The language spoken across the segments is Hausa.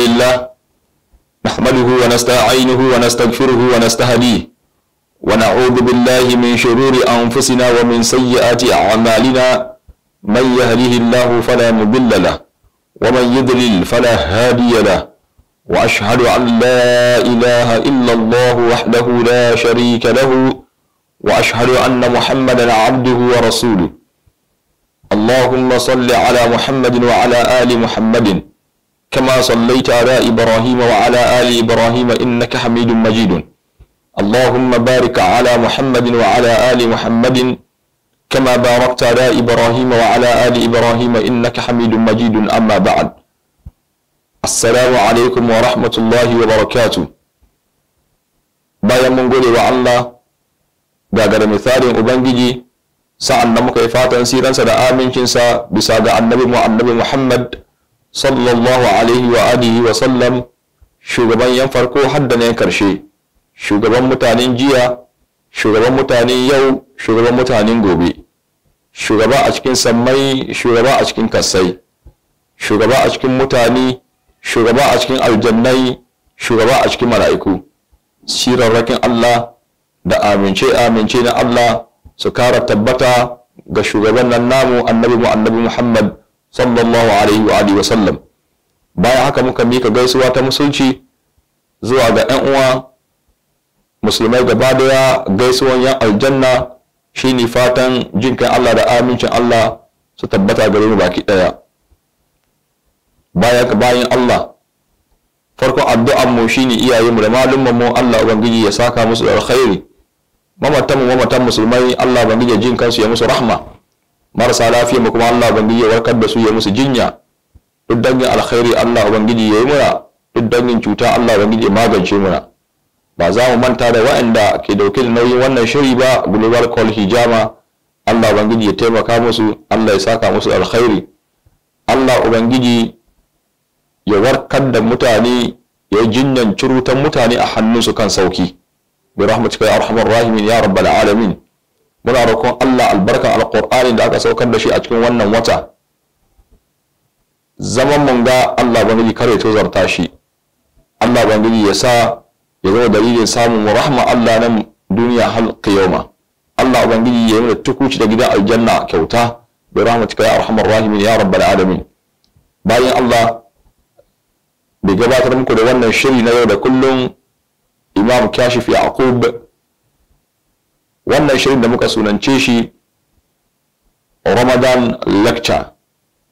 لله نحمده ونستعينه ونستغفره ونستهديه ونعوذ بالله من شرور أنفسنا ومن سيئات أعمالنا من يهده الله فلا مضل له ومن يضلل فلا هادي له وأشهد أن لا إله إلا الله وحده لا شريك له وأشهد أن محمدا عبده ورسوله اللهم صل على محمد وعلى آل محمد كما صليت على إبراهيم وعلى آل إبراهيم إنك حميد مجيد اللهم بارك على محمد وعلى آل محمد كما باركت على إبراهيم وعلى آل إبراهيم إنك حميد مجيد أما بعد السلام عليكم ورحمة الله وبركاته بايا من قولي وعلا Allah gagara أبنجي سعى sa'an nan muka yi fatan siransa da amincinsa bisa ga annabi sallallahu alaihi wa alihi wa sallam shugaban yan farko hadda na karshe shugaban mutanen jiya shugaban mutanen yau shugaban mutanen gobe shugaba a cikin sammai shugaba a cikin kasai shugaba a cikin mutane shugaba a cikin aljannai shugaba a cikin mala'iku sirarrakin Allah da amince amince na Allah su kara tabbata ga shugaban nan namu annabi mu annabi Muhammad sallallahu alaihi wa alihi wa sallam bayan haka muka mika gaisuwa ta musulci zuwa ga ɗan uwa musulmai gaba daya gaisuwan yan aljanna shine fatan jin kai Allah da amincin Allah su tabbata gare mu baki daya bayan ka bayan Allah farkon addu'an mu shine iyaye mu da malumman mu Allah ubangiji ya saka musu da alkhairi mamatan mu mamatan musulmai Allah ubangiji jin kansu ya musu rahma marasa lafiya kuma Allah ubangiji ya warkar da su ya musu jinya duk dangin alkhairi Allah ubangiji ya yi mura duk dangin cuta Allah ubangiji ya magance mura ba za mu manta da waɗanda ke dauke da nauyin wannan shiri ba global call hijama Allah ubangiji ya taimaka musu Allah ya saka musu alkhairi Allah ubangiji ya warkar da mutane ya jinyan curutan mutane a hannunsu kan sauki bi rahmatika ya arhamar rahimin ya rabbal alamin muna roƙon Allah albarkan alkur'ani da aka saukar da shi a cikin wannan wata zaman mun ga Allah kar kare tozarta shi Allah bangiji ya sa ya zama dalilin samun rahma Allah nan duniya hal qiyama Allah bangiji ya yi tukuci da gidan aljanna kyauta bi rahmatika ya arhamar rahimin ya rabbal alamin bayan Allah bai gabatar muku da wannan shiri na yau da kullum Imam Kashif Yaqub wannan shirin da muka sunance shi ramadan lecture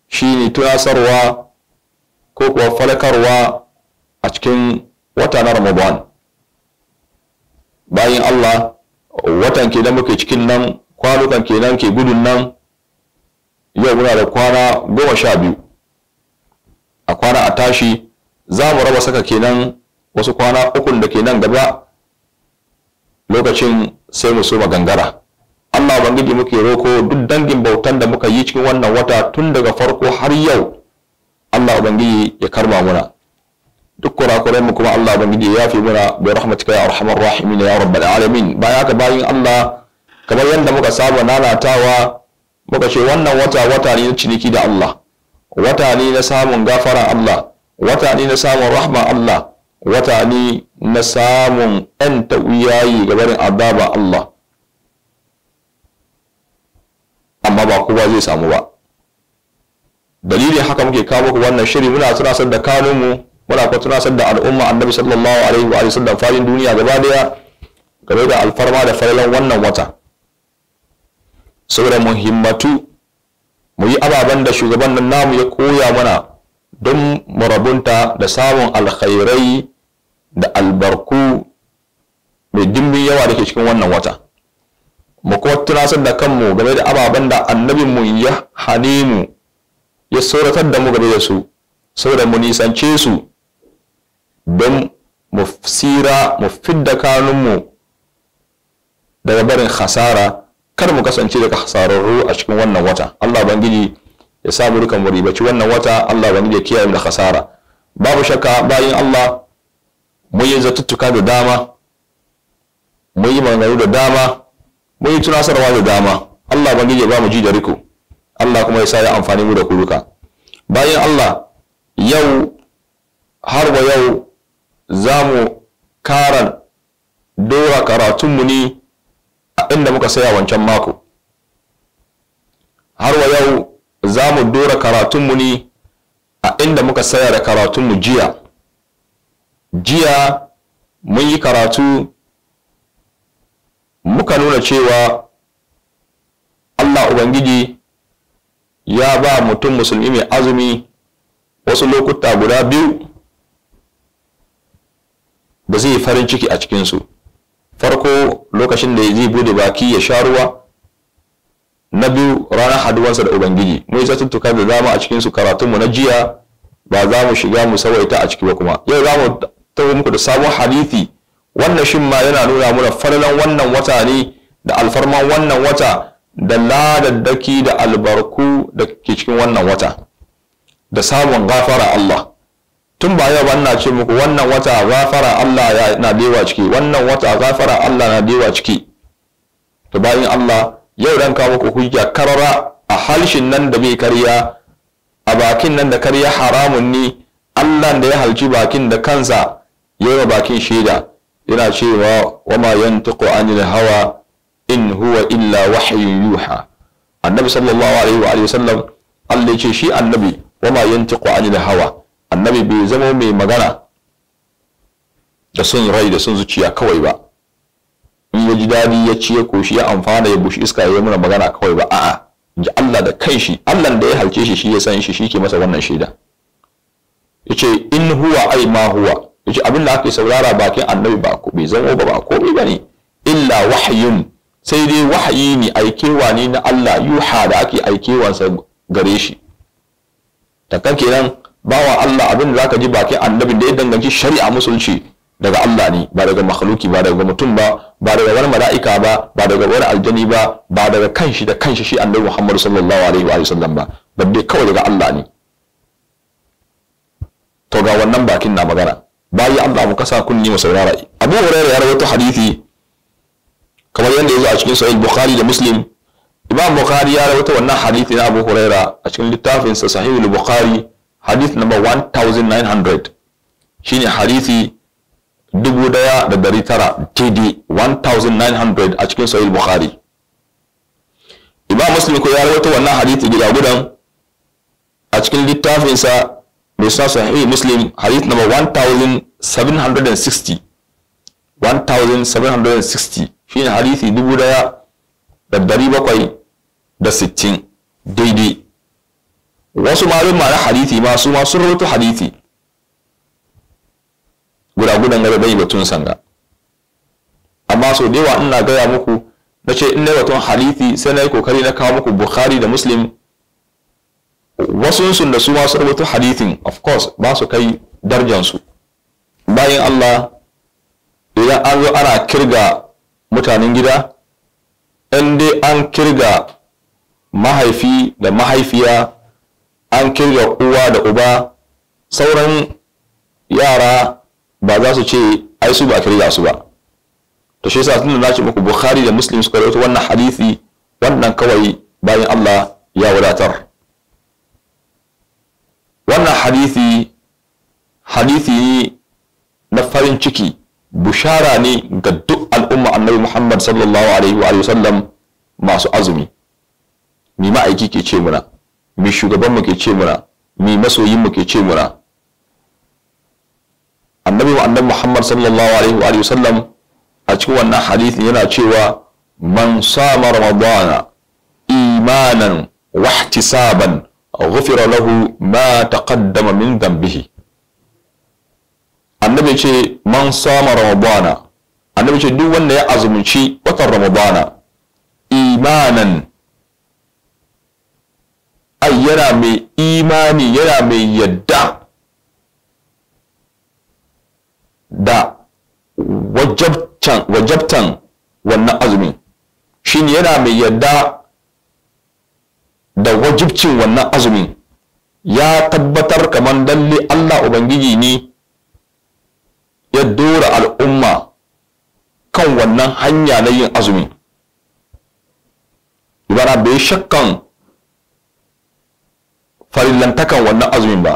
shine tunasarwa ko kuwa falakarwa a cikin wata na ramadan bayan allah watan kenan muke cikin nan kwanukan kenan ke gudun nan yau muna da kwana goma sha biyu a kwana a tashi za mu raba saka kenan wasu kwana ukun da ke nan gaba lokacin sai mu soma gangara Allah bangiji muke roko duk dangin bautan da muka yi cikin wannan wata tun daga farko har yau Allah bangiji ya karba muna duk kurakuren mu kuma Allah bangiji ya fi muna bi rahmatika ya arhamar rahimin ya rabbal alamin baya ka bayin Allah kamar yadda muka saba nanatawa muka ce wannan wata wata ne na ciniki da Allah wata ne na samun gafara Allah wata ne na samun rahma Allah wata ne na samun ɗan ta'uyayi ga barin azaba Allah amma ba kowa zai samu ba dalilin haka muke kawo ku wannan shiri muna tunasar da kanunmu muna kuma tunasar da al'umma annabi sallallahu alaihi wa sallam fadin duniya gaba daya game da alfarma da farilan wannan wata saboda muhimmatu mu yi ababen da shugaban nan namu ya koya mana don mu rabunta da samun alkhairai da albarku mai dimbin yawa da ke cikin wannan wata mu kuma tunasar da kanmu game da ababen da annabinmu ya hane mu ya sauratar da mu game da su saboda mu nisance su don mu tsira mu fidda kanunmu daga barin hasara kar mu kasance daga hasararru a cikin wannan wata Allah bangiji ya sa mu dukan mu ribaci wannan wata Allah bangiji ya kiyaye mu da hasara babu shakka bayan Allah mun yi zatuttuka da dama mun yi maganganu da dama mun yi tunasarwa da dama Allah ubangiji ya ba mu ji da riko Allah kuma ya sa ya amfani mu da kuruka bayan Allah yau har wa yau za mu kara dora karatunmu ne a inda muka saya wancan mako har wa yau za mu dora karatunmu ne a inda muka saya da karatunmu jiya jiya mun yi karatu muka nuna cewa Allah Ubangiji ya ba mutum musulmi mai azumi wasu lokuta guda biyu da zai farin ciki a cikinsu farko lokacin da ya zai bude baki ya sha ruwa na biyu ranar haduwarsa da ubangiji mun yi satuttuka da dama a cikinsu karatunmu na jiya ba za mu shiga mu sawaita a ciki ba kuma yau za mu tawo muku da sabon hadithi wannan shin ma yana nuna muna farlan wannan wata ne da alfarman wannan wata da ladaddaki da albarku da ke cikin wannan wata da sabon gafara Allah tun ba yau ba ina ce muku wannan wata gafara Allah na dewa ciki wannan wata gafara Allah na dewa ciki to bayan Allah yau dan kawo muku hujja karara a halshin nan da bai karya a bakin nan da karya haramun ne Allah da ya halci bakin da kansa yana bakin shaida yana cewa wama yantiqu anil hawa in huwa illa wahyu yuha annabi sallallahu alaihi wa alihi wasallam Allah ya ce shi annabi wama yantiqu anil hawa annabi bai zama mai magana da sun rai da sun zuciya kawai ba in ya ji dadi ya ci ya koshi ya amfana ya bushi iska ya yi mana magana kawai ba a'a ji Allah da kai shi Allah da ya halce shi shi ya san shi shi ke masa wannan shaida yace in huwa ai ma huwa yace abin da aka saurara bakin annabi ba ko bai zama ba ba bai bane illa wahyin sai dai wahayi ne aikewa ne na Allah yuha da ake sa gare shi takan kenan bawa Allah abin da zaka ji bakin annabi da ya danganci shari'a musulunci daga Allah ne ba daga makhluki ba daga mutum ba ba daga wani mala'ika ba ba daga wani aljani ba ba daga kanshi da kanshi shi annabi Muhammad sallallahu alaihi wa sallam ba balle kawai daga Allah ne to ga wannan bakin na magana bayi Allah mu kasa kunni mu saurara Abu Hurairah ya rawaito hadisi kamar yanda ya a cikin Sahih Bukhari da Muslim Imam Bukhari ya rawaito wannan hadisi na Abu Hurairah a cikin littafin sa Sahih Bukhari hadith number 1900 shine hadisi 1900 TD 1900 a cikin Sahih Bukhari Imam Muslim ko ya rawaito wannan hadisi gida gudan a cikin littafin sa Mishnah Sahih Muslim hadith number 1760 1760 shine hadithi dubu daya da dari bakwai da sittin daidai wasu malin na hadithi ma su ma sun hadithi hadithi gudan gaba bai batun sanga amma sau da yawa ina gaya muku na ce ina batun hadithi sai na yi kokari na kawo muku bukhari da muslim wasu da su masu rubutu hadithin of course ba su kai darjansu bayan Allah idan an zo ana kirga mutanen gida in dai an kirga mahaifi da mahaifiya an kirga uwa da uba sauran yara ba za su ce ai su ba kirga su ba to shi yasa tun da nace muku Bukhari da Muslim suka rawaito wannan hadisi wannan kawai bayan Allah ya wadatar wannan hadisi hadisi ne na farin ciki bushara ne ga duk al'umma annabi Muhammad sallallahu alaihi wa sallam masu azumi mi ma'aiki ke ce muna mi shugaban mu ke ce muna mi masoyin mu ke ce muna annabi wa annabi Muhammad sallallahu alaihi wa sallam a cikin wannan hadisi yana cewa man sama ramadana imanan wahtisaban ghufira lahu ma taqaddama min dhanbihi annabi ce man sama ramadana annabi ce duk wanda ya azumci watan ramadana imanan ai yana mai imani yana mai yadda da wajabtan wannan azumin shin yana mai yadda da wajibcin wannan azumin ya tabbatar kamar dalle Allah Ubangiji ne ya dora al'umma kan wannan hanya na yin azumi. Ibara bai shakkan farillantakan wannan azumin ba,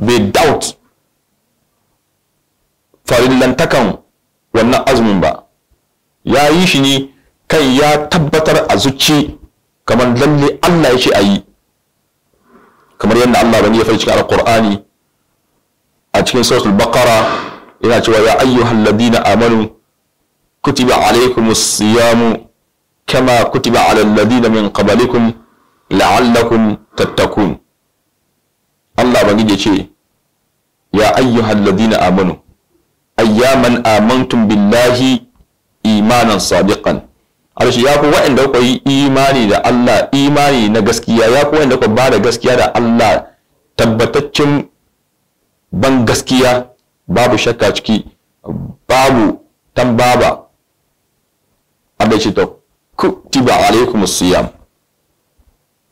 bai doubt farillantakan wannan azumin ba, ya yi shi ne kan ya tabbatar a zuci kamar lalle Allah ya ce a yi kamar yadda Allah bani ya a al qur'ani a cikin suratul baqara yana cewa ya ayyuhal ladina amanu kutiba alaykumus siyamu kama kutiba alal ladina min qablikum la'allakum tattakun Allah bani ya ce ya ayyuhal ladina amanu ayyaman amantum billahi imanan sadiqan alshi ya ku waɗanda ku yi imani da Allah imani na gaskiya ya ku waɗanda ku ba da gaskiya da Allah tabbataccen ban gaskiya babu shakka ciki babu tambaba abin shi to kutiba alaikum siyam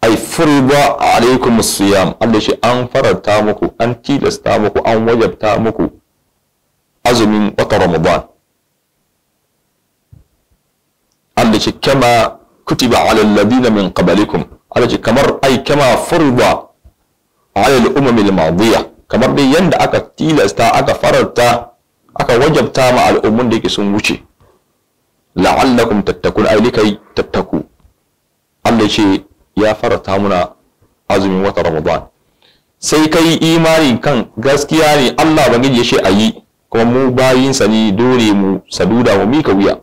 ai furba alaikum siyam Allah shi an faranta muku an tilasta muku an wajabta muku azumin wata ramadan Allah ce kama kutiba alal ladina min qablikum Allah ce kamar ai kama furba alal umam al-madiya kamar dai yanda aka tilasta aka fararta aka wajabta ma al'ummun da yake sun wuce la'allakum tattakun ai likai tattaku Allah ce ya farata muna azumin wata Ramadan sai kai imani kan gaskiya ne Allah bangiji ya ce ayi kuma mu bayinsa ne dole mu saduda mu mika wuya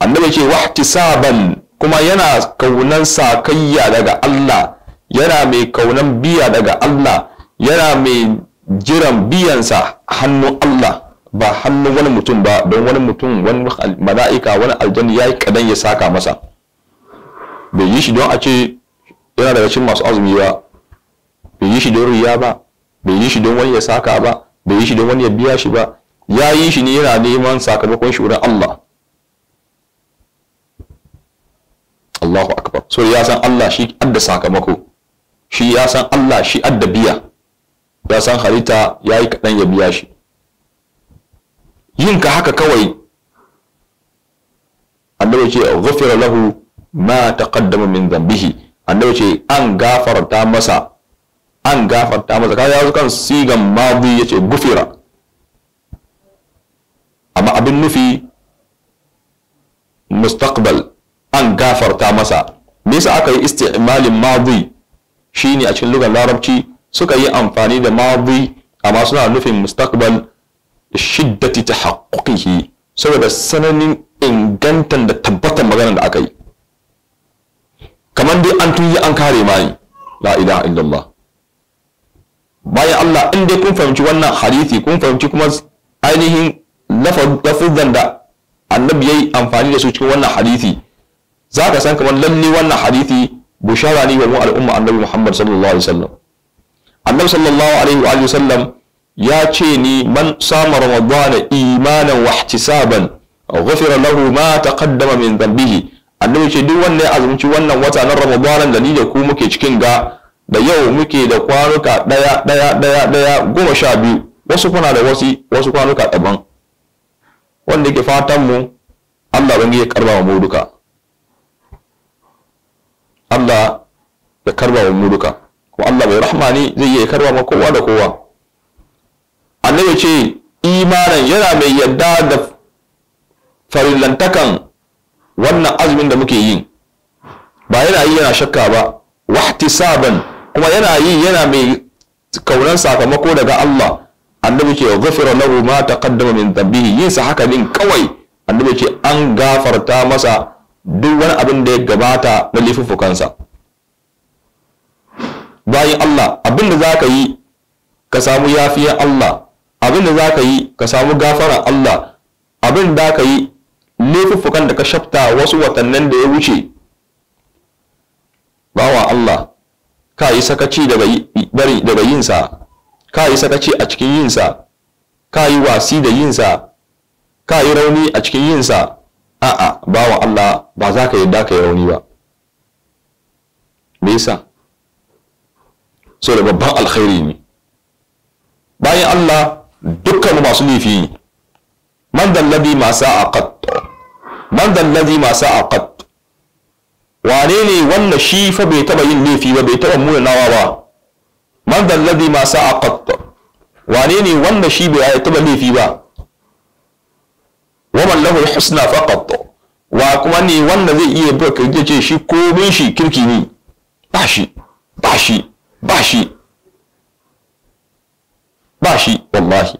annabi ce wahtisaban kuma yana kaunan sakayya daga Allah yana mai kaunan biya daga Allah yana mai jiran biyansa hannun Allah ba hannun wani mutum ba don wani mutum wani mala'ika wani aljanni ya yi kadan ya saka masa bai yi shi don a ce yana daga cikin masu azumi ba bai yi shi don riya ba bai yi shi don wani ya saka ba bai yi shi don wani ya biya shi ba ya yi shi ne yana neman sakamakon shi wurin Allah Allahu akbar so ya san Allah shi adda sakamako shi ya san Allah shi adda biya ya san halitta ya yi kaɗan ya biya shi yin ka haka kawai annabi ce ghufira lahu ma taqaddama min dhanbihi annabi ce an gafarta masa an gafarta masa kawai ya kan sigan madi yace gufira amma abin nufi mustaqbal an gafarta masa me yasa aka yi isti'malin madi shine a cikin lugar larabci suka yi amfani da madi amma suna nufin mustaqbal shiddati tahaqquqihi saboda sananin ingantan da tabbatar maganar da aka yi kamar dai an tuyi an kare mani la ilaha illallah bayan Allah in dai kun fahimci wannan hadisi kun fahimci kuma ainihin lafazan da annabi yayi amfani da su cikin wannan hadisi za ka san kamar lalle wannan hadithi bushara ne ga mu al'umma annabi Muhammad sallallahu alaihi wasallam annabi sallallahu alaihi wa sallam ya ce ni man sama ramadana imanan wa ihtisaban ghufira lahu ma taqaddama min dhanbihi annabi ce duk wanda ya azumci wannan wata na ramadanan da ni da ku muke cikin ga da yau muke da kwanuka daya daya daya daya goma sha biyu wasu kuna da wasu wasu kwanuka daban wanda yake fatan mu Allah bangi ya karba mu duka Allah ya karba wa muduka kuma Allah bai rahmani ne zai iya karba ma kowa da kowa annabi ce imanin yana mai yadda da farillantakan wannan azumin da muke yi ba yana yi yana shakka ba wahtisaban kuma yana yi yana mai kaunan sakamako daga Allah annabi ce ghafira lahu ma taqaddama min dhanbihi yin sa haka din kawai annabi ce an gafarta masa duk wani abin da ya gabata na lifufukansa bayan Allah abin da za ka yi ka samu yafiyar Allah abin da za ka yi ka samu gafarar Allah abin da ka yi lifufukan da ka shafta wasu watannin da ya wuce bawa Allah ka yi sakaci daga yinsa ka yi sakaci a cikin yinsa ka yi wasi da yinsa ka yi rauni a cikin yinsa a'a bawa Allah ba za ka yadda ka yi rauni ba me yasa so da babban alkhairi ne bayan Allah dukkan masu laifi man ma masu aqat man dallabi masu aqat wane ne wannan shi fa bai taba yin laifi ba bai taba nawa ba man dallabi masu aqat wane ne wannan shi bai taba laifi ba wa man lahu husna faqat wa kuma ne wanda zai iya buga kirji ce shi komin shi kirki ne ba shi ba shi ba shi ba shi wallahi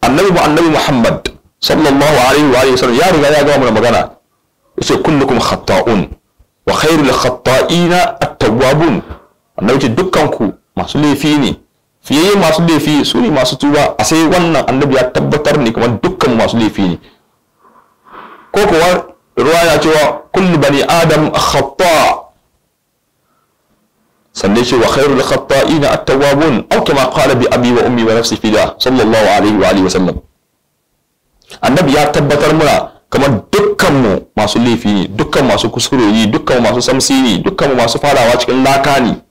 annabi mu annabi muhammad sallallahu alaihi wa alihi wasallam ya riga ya gama magana yace kullukum khata'un wa khairul khata'ina at-tawwabun annabi ce dukkan ku masu laifi ne fiye masu laifi su ne masu tuba a sai wannan annabi ya tabbatar ne kamar dukkan masu laifi ne ko kuwa ruwa ya cewa kullu bani adam khata sannan shi wa khairul khata'ina at-tawwabun aw kama qala bi abi wa ummi wa nafsi fida sallallahu alaihi wa alihi wa sallam annabi ya tabbatar muna kamar dukkan mu masu laifi ne dukkan masu kusurori dukkan masu samsi ne dukkan masu farawa cikin laka ne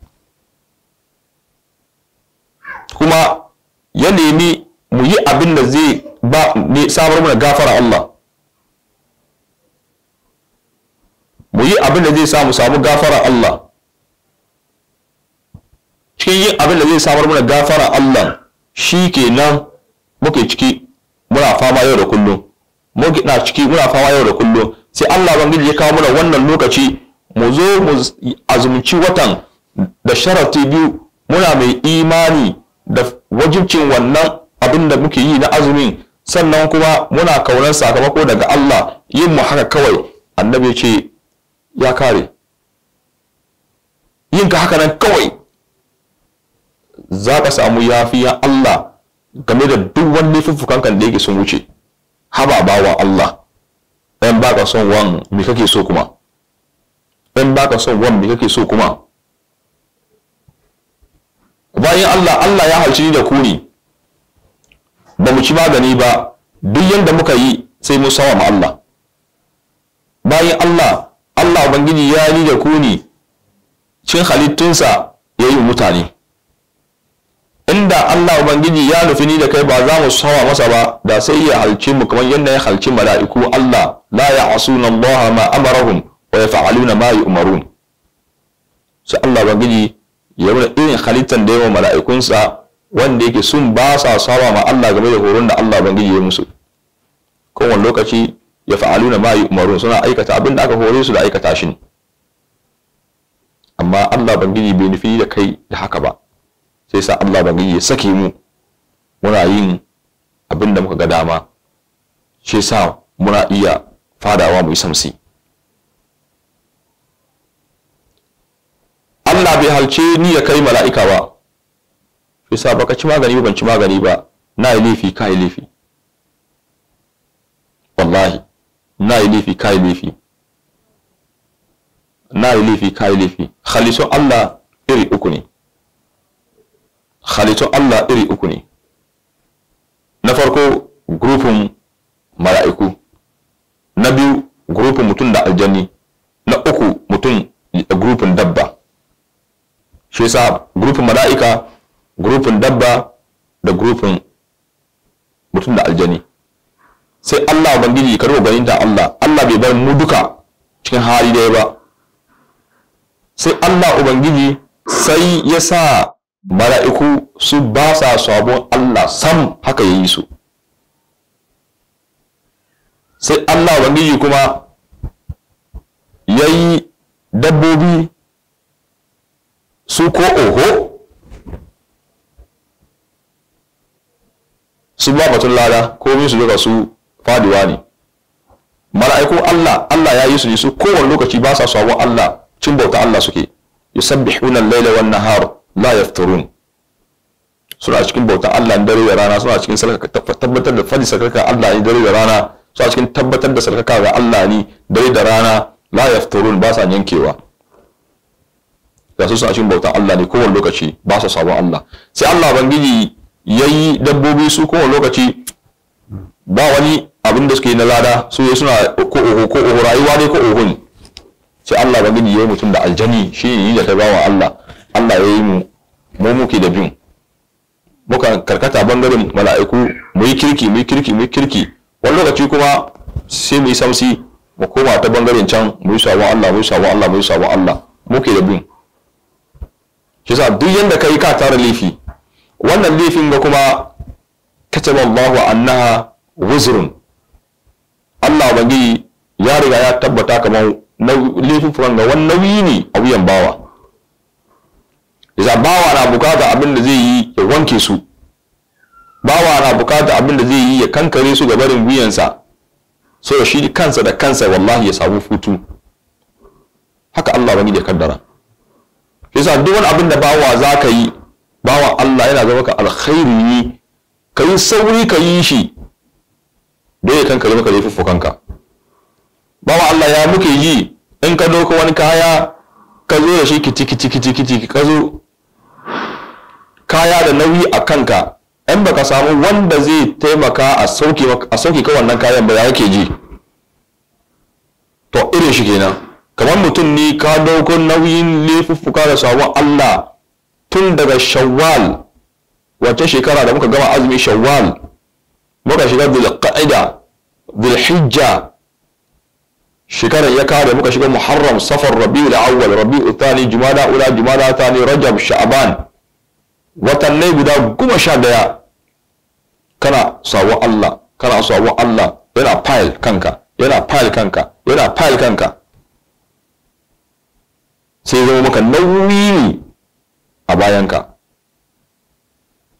kuma ya nemi mu yi abin da zai ba ne samar mana gafara Allah mu yi abin da zai samu samu gafara Allah cikin yin abin da zai samar mana gafara Allah shi kenan muke ciki muna fama yau da kullum muke na ciki muna fama yau da kullum sai Allah bangiji ya kawo mana wannan lokaci mu zo mu azumci watan da sharati biyu muna mai imani da wajibcin wannan abin da muke yi na azumin sannan kuma muna kaunar sakamako daga Allah yin mu haka kawai annabi ce ya kare yin ka haka nan kawai za ka samu yafiya Allah game da duk wani fuffukankan da yake sun wuce haba bawa Allah ɗan baka son wan me son wan me kake so kuma bayan Allah Allah ya halci ni da ku ne ba mu ci magani ba duk yadda muka yi sai mu sawa ma Allah bayan Allah Allah Ubangiji ya ni da ku ne cin halittunsa ya yi mutane inda Allah Ubangiji ya nufi ni da kai ba za mu sawa masa ba da sai ya halci mu kamar yadda ya halci mala'iku Allah la ya'asuna Allah ma amarahum wa yaf'aluna ma yu'marun sai Allah Ubangiji ya irin halittar da yawan mala'ikunsa wanda yake sun ba sa saba ma Allah game da horon da Allah bangiji ya musu kowane lokaci ya fa'alu na mayu umarun suna aikata abin da aka hore su da aikata shi amma Allah bangiji bai nufi da kai da haka ba sai sa Allah bangiji ya sake mu muna yin abin da muka ga dama shi sa muna iya fadawa mu yi samsi Allah bai halce ni ya kai mala'ika ba yasa baka ci magani ba ban ci magani ba na yi laifi ka yi laifi wallahi na yi laifi ka yi laifi na yi laifi ka yi laifi halittun Allah iri uku ne halittun Allah iri uku ne na farko grupin mala'iku na biyu grupin mutum da aljanni na uku mutum eh, grupin dabba shi yasa grupin mala'ika grupin dabba da grupin mutum da aljani sai Allah ubangiji ka rubo ganin da Allah Allah bai bar mu duka cikin hali daya ba sai Allah ubangiji sai ya sa mala'iku su ba sa sabon Allah sam haka ya yi su sai Allah ubangiji kuma ya yi dabbobi su ko oho su ba batun lada komi su daga su faduwa ne mala'ikun Allah Allah ya yi su ne su kowane lokaci ba sa sabon Allah cin bauta Allah suke yusabbihuna al-laila wan nahar la yafturun suna cikin bauta Allah dare da rana suna cikin tabbatar da fadi sarkaka Allah ne dare da rana suna cikin tabbatar da sarkaka ga Allah ne dare da rana la yafturun ba sa yankewa ga su suna cikin bautan Allah ne kowane lokaci ba su sabon Allah sai Allah bangiji yi dabbobi su kowane lokaci ba wani abin da suke na lada su suna ko oho ko oho rayuwa ne ko oho ne sai Allah bangiji yi mutum da aljani shi ne da ta wa Allah Allah ya yi mu mu muke da biyun muka karkata bangaren mala'iku mu yi kirki mu yi kirki mu yi kirki wani lokaci kuma sai mu yi samsi mu koma ta bangaren can mu yi sabon Allah mu yi sabon Allah mu yi sabon Allah muke da biyun shi duk yadda ka yi ka tara laifi wannan laifin ga kuma kataba Allahu annaha wuzrun Allah bangi ya riga ya tabbata kamar laifin furan ga wani nauyi ne a wuyan bawa yasa bawa na bukata abin da zai yi ya wanke su bawa na bukata abin da zai yi ya kankare su ga barin wuyansa so shi kansa da kansa wallahi ya samu futu. haka Allah bani da kaddara yasa duk wani abin da bawa za ka yi bawa Allah yana zama ka alkhairi ne ka yi sauri ka yi shi dole kan ka zama ka zai kanka bawa Allah ya muke yi in ka doko wani kaya ka zo da shi kici kici kici kiti ka zo kaya da nauyi a kanka in baka samu wanda zai taimaka a sauke ka wannan kayan ba ya ke ji to irin shi kenan kamar mutum ne ka dauko nauyin laifuffuka da sabon Allah tun daga shawwal wata shekara da muka gama azumi shawwal muka shiga bilqa'ida bilhijja shekarar ya kare muka shiga muharram safar rabi'ul awwal rabi'ul thani jumada ula jumada thani rajab sha'ban ne guda goma sha daya kana sabon Allah kana sabon Allah yana fayil kanka yana fayil kanka yana fayil kanka sai zama maka nauyi a bayanka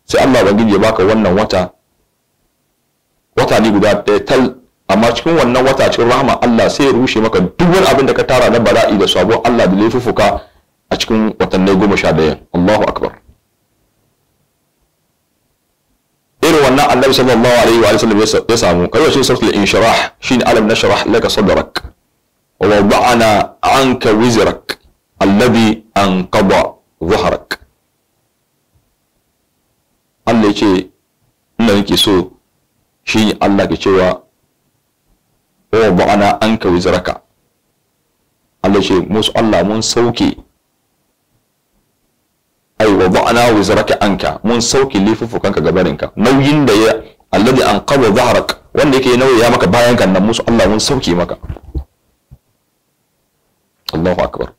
sai Allah ubangiji ya baka wannan wata wata ne guda ɗaya tal amma cikin wannan wata cikin rahama Allah sai ya rushe maka duk wani abin da ka tara na bala'i da sabo Allah da laifuka a cikin watanni goma sha ɗaya Allahu akbar irin wannan Allah sallallahu alaihi wa sallam ya samu kai shi sautul inshirah shine alam nashrah laka sadrak wa wada'ana anka wizrak alladhi anqada zuharak Allah yake ina nake so shi Allah ke cewa ana ba'ana anka wizraka Allah ce musu Allah mun sauke ai wa ana wizraka anka mun sauke gabarin ka nauyin da ya alladhi anqada dhahrak wanda yake nauyi maka bayan kan nan musu Allah mun sauke maka Allahu akbar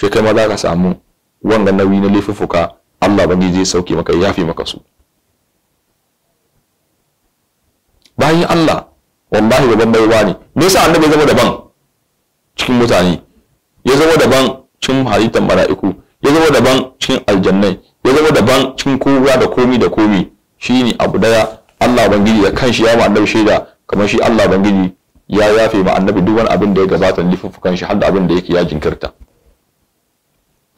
shi kai ma za ka samu wanga nauyi na laifuffuka Allah bangi zai sauke maka ya fi maka su bayan Allah wallahi ban baiwa ne me yasa annabi bai zama daban cikin mutane ya zama daban cikin halittar mala'iku ya zama daban cikin aljannai ya zama daban cikin kowa da komi da komi shine abu daya Allah bangiji da kanshi ya ma annabi shaida kamar shi Allah bangiji ya yafe ma annabi duk wani abin da ya gabata lifufukan shi har da abin da yake ya jinkirta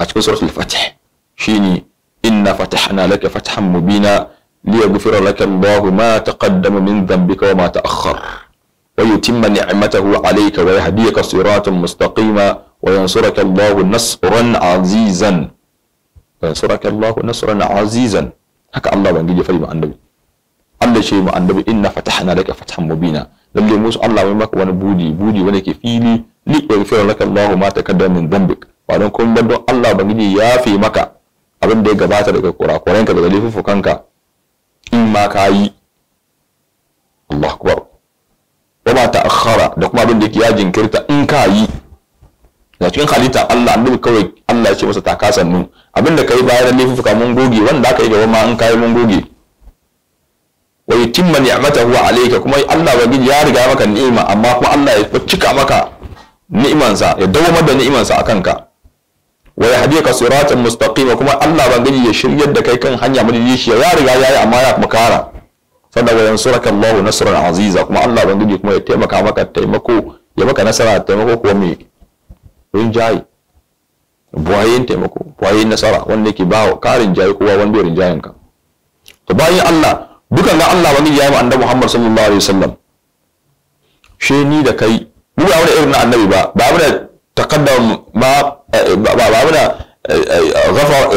cikin suratul fatih shine inna fatahna laka fathan mubina liyaghfira laka Allahu ma taqaddama min dhanbika wa ma ta'akhkhar wa yutimma ni'matahu 'alayka wa yahdiyaka siratan mustaqima wa yansuraka Allahu nasran 'azizan wa yansuraka Allahu nasran 'azizan haka Allah bangiji ya fadi ma annabi Allah ce ma annabi inna fatahna laka fathan mubina lalle musu Allah mai maka wani budi budi wanda ke fili li yaghfira laka Allahu ma taqaddama min dhanbika ba don kuma don Allah bangiji ya fi maka abin da ya gabata daga kurakuranka daga ka in ma ka yi Allah akbar wa ba ta'akhkhara da kuma abin da yake ya jinkirta in ka yi da cikin halitta Allah annabi kawai Allah ya ce masa ta mu abin da kai bayan laifuffuka mun goge wanda aka yi gaba ma in kai mun goge wa yutimma ni'matahu alayka kuma Allah bangiji ya riga maka ni'ima amma kuma Allah ya cika maka ni'imansa ya dawo da ni'imansa akan ka wa yahdika siratan mustaqima kuma Allah bangiji ya shiryar da kai kan hanya yishi ya riga yayi amma ya kuma kara sannan wa yansuraka Allahu nasran aziza kuma Allah bangiji kuma ya taimaka maka taimako ya maka nasara taimako kuma me jayi buwayen taimako buwayen nasara wanda yake ba karin jayi kowa wanda ya jayin ka to bayan Allah dukan ga Allah bangiji ya yi annabi Muhammad sallallahu alaihi wasallam she ni da kai mu ba wani irin annabi ba ba mu da taqaddam ma ba muna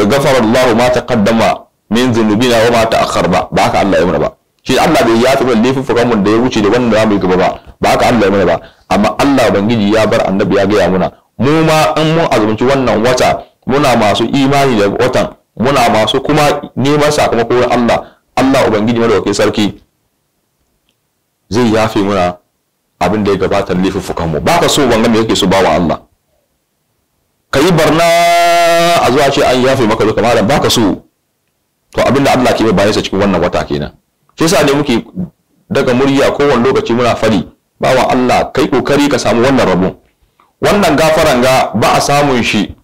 gafara Allah ma taqaddama min zunubina wa ma ba ba haka Allah ya mana ba shi Allah bai ya tsaba laifukan mun da ya wuce da wanda zamu yi gaba ba ba haka Allah ya mana ba amma Allah bangiji ya bar annabi ya gaya muna mu ma in mun azumci wannan wata muna masu imani da watan muna masu kuma neman sakamako wurin Allah Allah ubangiji madaukakin sarki zai yafe muna abin da ya gabatar laifuffukan mu baka so wanga me yake so bawa Allah ka yi barna a zuwa ce an yafe maka duka malam baka so to abin da Allah ke mai bayansa cikin wannan wata kenan shi yasa ne muke daga murya kowane lokaci muna fari bawa Allah kai kokari ka samu wannan rabon wannan gafaran ga ba a samun shi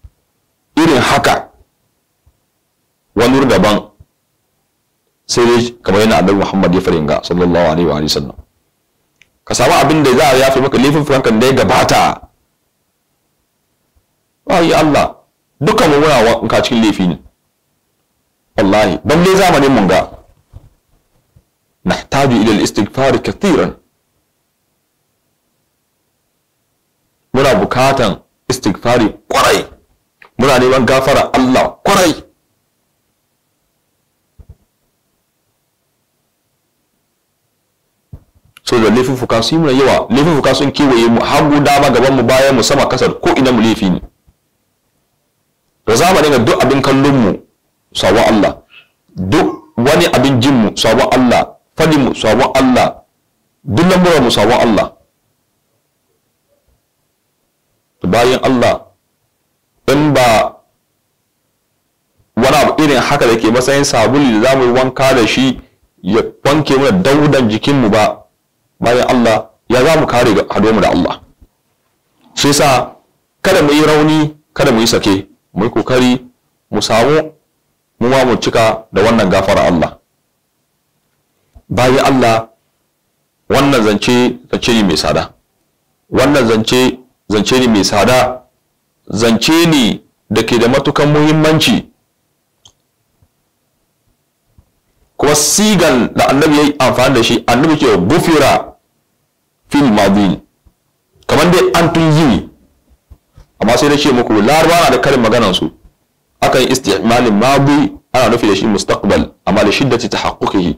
irin haka wani daban sai dai kamar yana annabi Muhammad ya faringa sallallahu alaihi wa sallam ka samu abin da za a yafe maka laifin furankan da ya gabata wallahi Allah dukkan mu muna wanka cikin laifi ne wallahi balle zamanin mun ga nahtaju ila al-istighfar kathiran muna bukatan istighfari kwarai muna neman gafara Allah kwarai so da laifin fuka su yi muna yawa laifin fuka sun kewaye mu hagu dama gaban mu bayan mu sama kasar ko ina mu laifi ne da za mu dinga duk abin kallon mu sabon Allah duk wani abin jin mu sabon Allah fadin mu sabon Allah duk lamuran mu sabon Allah bayan Allah in ba wani abu irin haka da ke matsayin sabulu da za mu wanka da shi ya wanke mana daudan jikinmu ba bayan Allah ya za mu kare mu da Allah shi sa kada mu yi rauni kada mu yi sake Mai kokari mu samu mu ma mu cika da wannan gafara Allah bayi Allah wannan zance zance ne mai tsada wannan zance zance ne mai tsada zance ne da ke da matukan muhimmanci kuma sigan da annabi ya yi amfani da shi annabi ke gufira fil madin kamar dai an tun yi amma sai na ce muku laraba na da karin maganan su akan istimalin madi ana nufi da shi mustaqbal amma da shiddati tahaqquqihi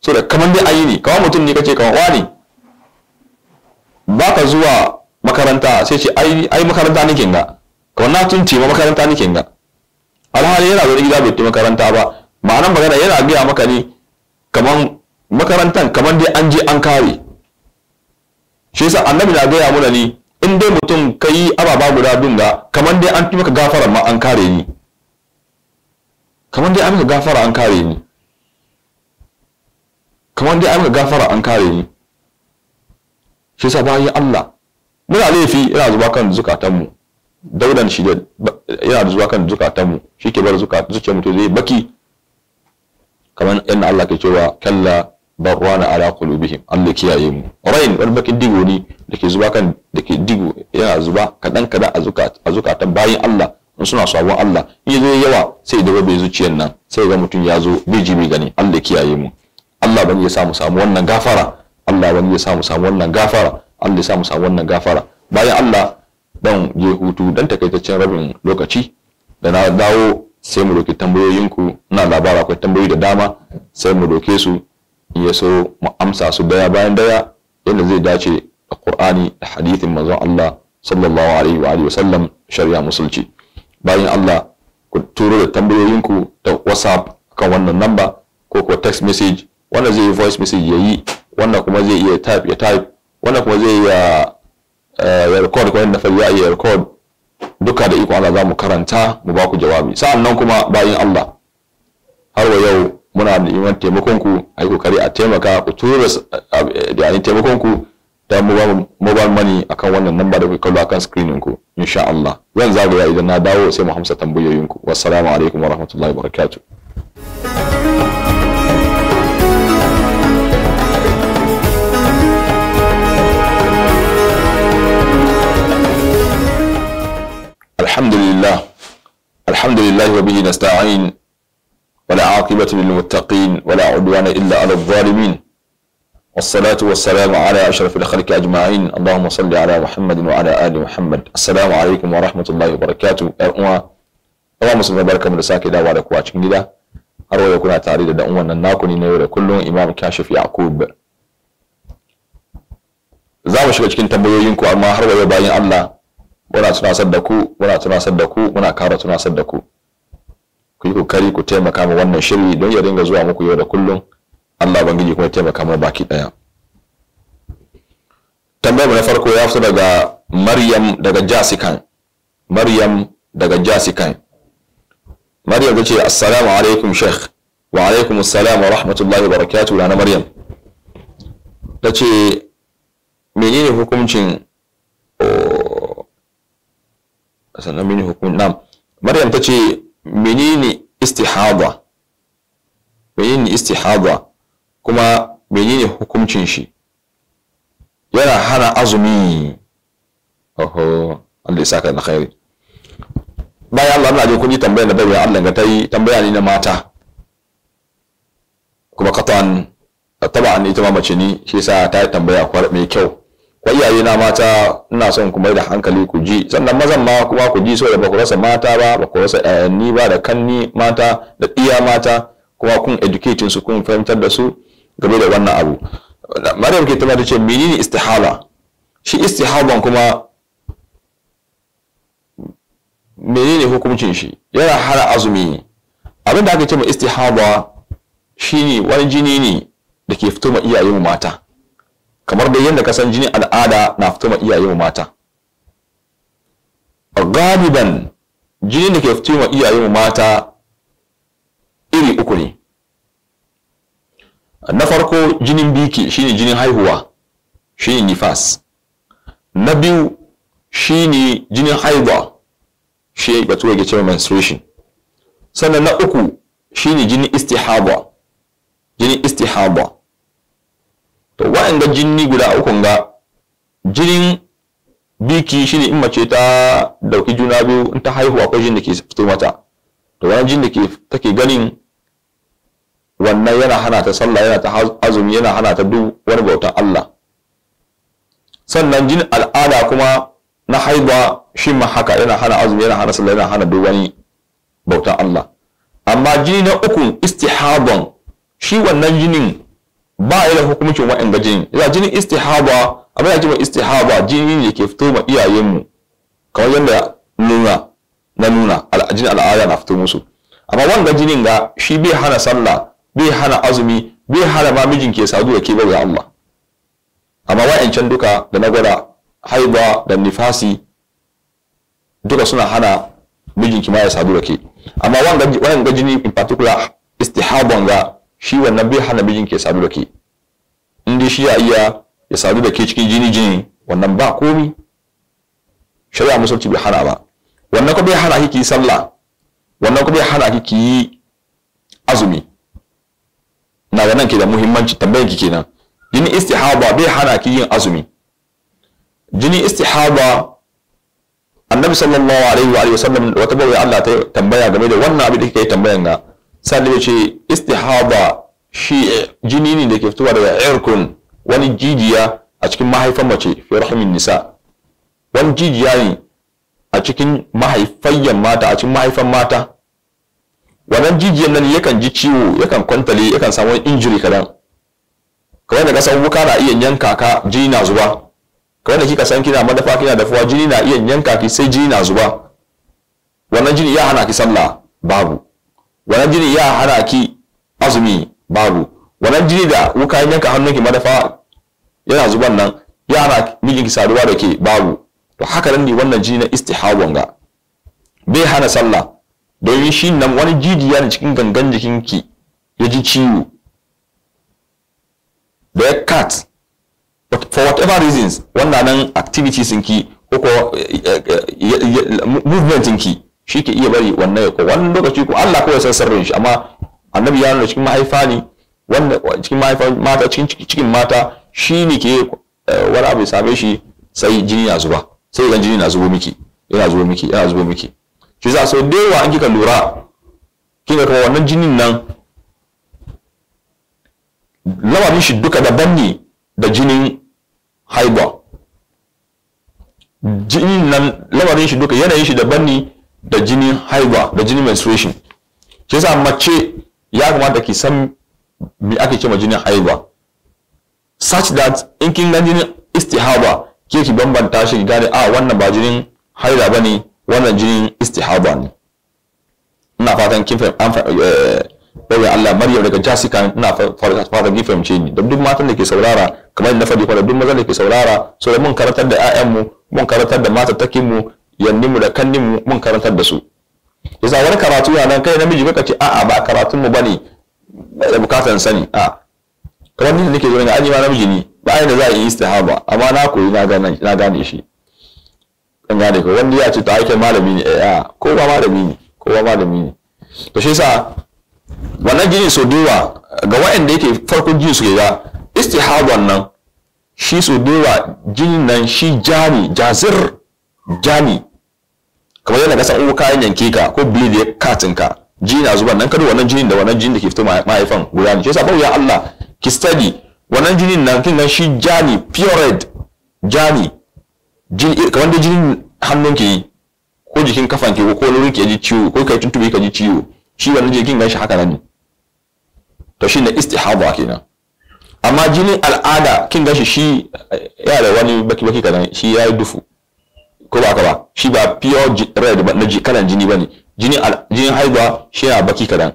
so da kamar dai ayi ne kawai mutum ne kace kawai wani baka zuwa makaranta sai ce ai ai makaranta ne ga kawai na tun ce makaranta ne ga alhali yana zo gida bai tafi makaranta ba ma'anar magana yana gaya maka ne kamar makarantan kamar dai an je an kare shi yasa annabi na gaya mana ni in dai mutum ka yi ababa guda biyun ga kamar dai an fi maka gafara ma an kare ni kamar dai an maka gafara an kare ni kamar dai an maka gafara an kare ni shi sa bayan Allah muna laifi yana zuba kan zukatanmu daudan shi yana zuwa kan zukatanmu shi ke bar zuciyar mutum zai baki kamar yadda Allah ke cewa kalla barwana ala qulubihim Allah kiyaye mu rain wani bakin digo ne dake zuba kan dake digo yana zuba kadan kadan a zukatan a zukatan bayin Allah in suna sabon Allah in zo yawa sai da bai zuciyar nan sai ga mutum ya zo bai ji mai gani Allah kiyaye mu Allah bane ya sa mu samu wannan gafara Allah bane ya sa mu samu wannan gafara Allah ya sa mu samu wannan gafara bayan Allah dan je hutu dan takaitaccen rabin lokaci da na dawo sai mu roki tambayoyinku ina labara akwai tambayoyi da dama sai mu roke su ya so mu amsa su daya bayan daya yadda zai dace da Qur'ani da hadithin manzon Allah sallallahu alaihi wa alihi wasallam shari'a musulci bayan Allah ku turo da tambayoyinku ta WhatsApp kan wannan namba ko ko text message wanda zai yi voice message yayi wannan kuma zai iya type ya type wannan kuma zai iya eh, ya record ko yadda fa ya record duka da iko Allah za mu karanta mu ba ku jawabi sa'annan kuma bayan Allah har wa yau muna neman taimakon ku a yi kokari a taimaka ku tura da taimakon ku ta mobile money akan wannan namba da kuka kallo kan screening ku insha Allah zan zagaya idan na dawo sai mu hamsa tambayoyin ku wassalamu alaikum wa wabarakatuh alhamdulillah alhamdulillah wa bihi nasta'in ولا عاقبة للمتقين ولا عدوان إلا على الظالمين والصلاة والسلام على أشرف الخلق أجمعين اللهم صل على محمد وعلى آل محمد السلام عليكم ورحمة الله وبركاته أرؤوا اللهم صل وبارك على ساكدة وعلى قواتك الله أرؤوا يكون تعريض دعوة ننقل نور كل إمام كاشف يعقوب zamu shiga cikin tambayoyin ku amma har wayo bayan Allah muna tunasar da ku muna ku yi kokari ku taimaka ma wannan shiri don ya dinga zuwa muku yau da kullum Allah bangiji kuma taimaka mu baki daya tambayar na farko ya fito daga Maryam daga Jasikan Maryam daga Jasikan Maryam tace assalamu alaikum sheikh wa alaikum assalam wa rahmatullahi wa barakatuh na Maryam tace menene hukuncin oh, sannan mini hukumin nam Maryam tace menene istihada menene istihada kuma menene hukuncin shi yana hana azumi oho Allah ya saka na khairi bayan Allah Allah kun yi tambayar da bayan Allah ga ta yi tambaya ne na mata kuma katan an ita mace ne shi yasa ta yi tambaya mai kyau ko iyaye na mata ina son kuma mai da hankali ku ji sannan mazan ma kuma ku ji so da ba rasa mata ba ba ku rasa ƴaƴanni ba da kanni mata da iya mata kuma kun educating su kun fahimtar da su game da wannan abu maryam ke ta da ce menene istihala shi istihaban kuma menene hukuncin shi yana hana azumi ne abin da aka ce ma istihaba shine wani jini ne da ke fito ma iyayen mata kamar da yadda kasan jinin al'ada na fito ma iyaye mata galiban jini da ke fito ma iyaye mata iri uku ne na farko jinin biki shine jinin haihuwa shine nifas na biyu shine jinin haihuwa shi batu ke cewa menstruation sannan na uku shine jinin istihaba jinin istihaba to wa'anga jini guda ukun ga jinin biki shine in mace ta dauki juna biyu in ta haihu akwai jini da ke fito mata to wannan jini da ke take ganin wannan yana hana ta sallah yana ta azumi yana hana ta duk wani bautan Allah sannan jinin al'ada kuma na haihuwa shi ma haka yana hana azumi yana hana sallah yana hana duk wani bautan Allah amma jini na uku istihaban shi wannan jinin ba ya da hukuncin waɗanda jini ya jinin istihaba abin da jima istihaba jini ne ke fito ma iyayenmu kamar yadda nuna na nuna jini al'ada na fito musu amma wanga jinin ga shi bai hana sallah bai hana azumi bai hana ma mijin ke saduwa ke bai Allah amma wa'ancan duka da na gwada haiba da nifasi duka suna hana mijin ki ma ya sadu da ke amma wanga jini in particular istihaban ga shi wannan bai hana mijin ke sadu da ke inda shi ya iya ya sadu da ke cikin jini jini wannan ba komi shari'a musulci bai hana ba wannan kuma bai hana ki ki sallah wannan kuma bai hana ki ki azumi na ga nan ke da muhimmanci tambayar ki kenan jini istihaba bai hana ki yin azumi jini istihaba annabi sallallahu alaihi wa alihi wasallam wata bai Allah ta tambaya game da wannan abin da kike tambayan ga sa'ad ya ce istihada shi eh, jini ne da ke fitowa daga irkun wani jijiya a cikin mahaifan mace fi rahimin nisa wani jijiya ne a cikin mahaifayyan mata a cikin mahaifan mata wannan jijiyan nan yakan ji ciwo yakan kwantale yakan samu wani injiri kadan kawai da kasan wuka na iya yanka ka jini na zuba kawai da kika san kina madafa kina dafuwa jini na iya yanka ki sai jini na zuba wannan jini ya hana ki sallah babu wannan jini ya hana ki azumi babu wannan jini da wuka yanka hannunki madafa yana zuban nan ya hana mijinki saduwa da ke babu to haka nan ne wannan jini na istihawon ga bai hana sallah domin shi nan wani jijiya ne cikin gangan jikinki ya ji ciwo da ya cut for whatever reasons wannan nan activities ki ko eh, eh, eh, movement ki shi ke iya bari wannan ya kowa wani lokaci ko Allah kawai san sirrin shi amma annabi ya nuna cikin mahaifa ne wanda cikin mahaifa mata cikin cikin mata shi ne ke eh, wani abu ya same shi sai jini na zuba sai ga jini na zubo miki yana zubo miki yana zubo miki shi za so da yawa an kika lura kika kawo wannan jinin nan lawanin shi duka daban ne da jinin haibwa jinin nan lamarin shi duka yanayin shi daban ne da jinin haihuwa da jinin menstruation shi yasa mace ya kamata ki san me ake ce ma jinin haihuwa such that in kin ga jinin istihaba ke ki bambanta shi ki gane a wannan ba jinin ba bane wannan jinin istihaba ne ina fatan kin fahimta eh, Bawai Allah Maryam daga jessica ina fatan kin fahimce ni da duk matan da ke saurara kamar na faɗi da duk mazan da ke saurara so da mun karatar da 'ya'yanmu mun karatar da matattakin mu yannimu da kannimu mun karantar da su yasa wani karatu ya nan kai namiji baka ce a'a ba karatun mu bane da bukatan sani a kamar ne nake zuwa an yi ma namiji ne ba ai da za a yi istihaba amma na koyi na gane na gane shi kan gane ko wanda ya ce ta aikin malami ne eh, a ko ba malami ne ko ba malami ne to shi yasa wannan gini so duwa ga waɗanda yake farkon jini suke ga istihaban nan shi so duwa jinin nan shi jari jazir jami kamar yana ka uwa kayan yanke ka ko bleed ya katin ka ji na zuba nan kada wannan jinin da wannan jinin da ke fito mahaifan guda ne shi yasa ya Allah ki study wannan jinin nan kin gan shi jani pureed jami jani eh, kamar da jinin hannun ki ko jikin kafan ki ko lurin ki ji ciwo ko kai tuntube ka ji ciwo shi wannan jinin kin gan shi haka nan ne to shi ne istihaba kenan amma jinin al'ada kin gan shi shi eh, ya da wani baki baki kadan shi ya yi dufu ko ba ka ba shi ba pure red ba na kalan jini bane jini jinin haihuwa shi yana baki kadan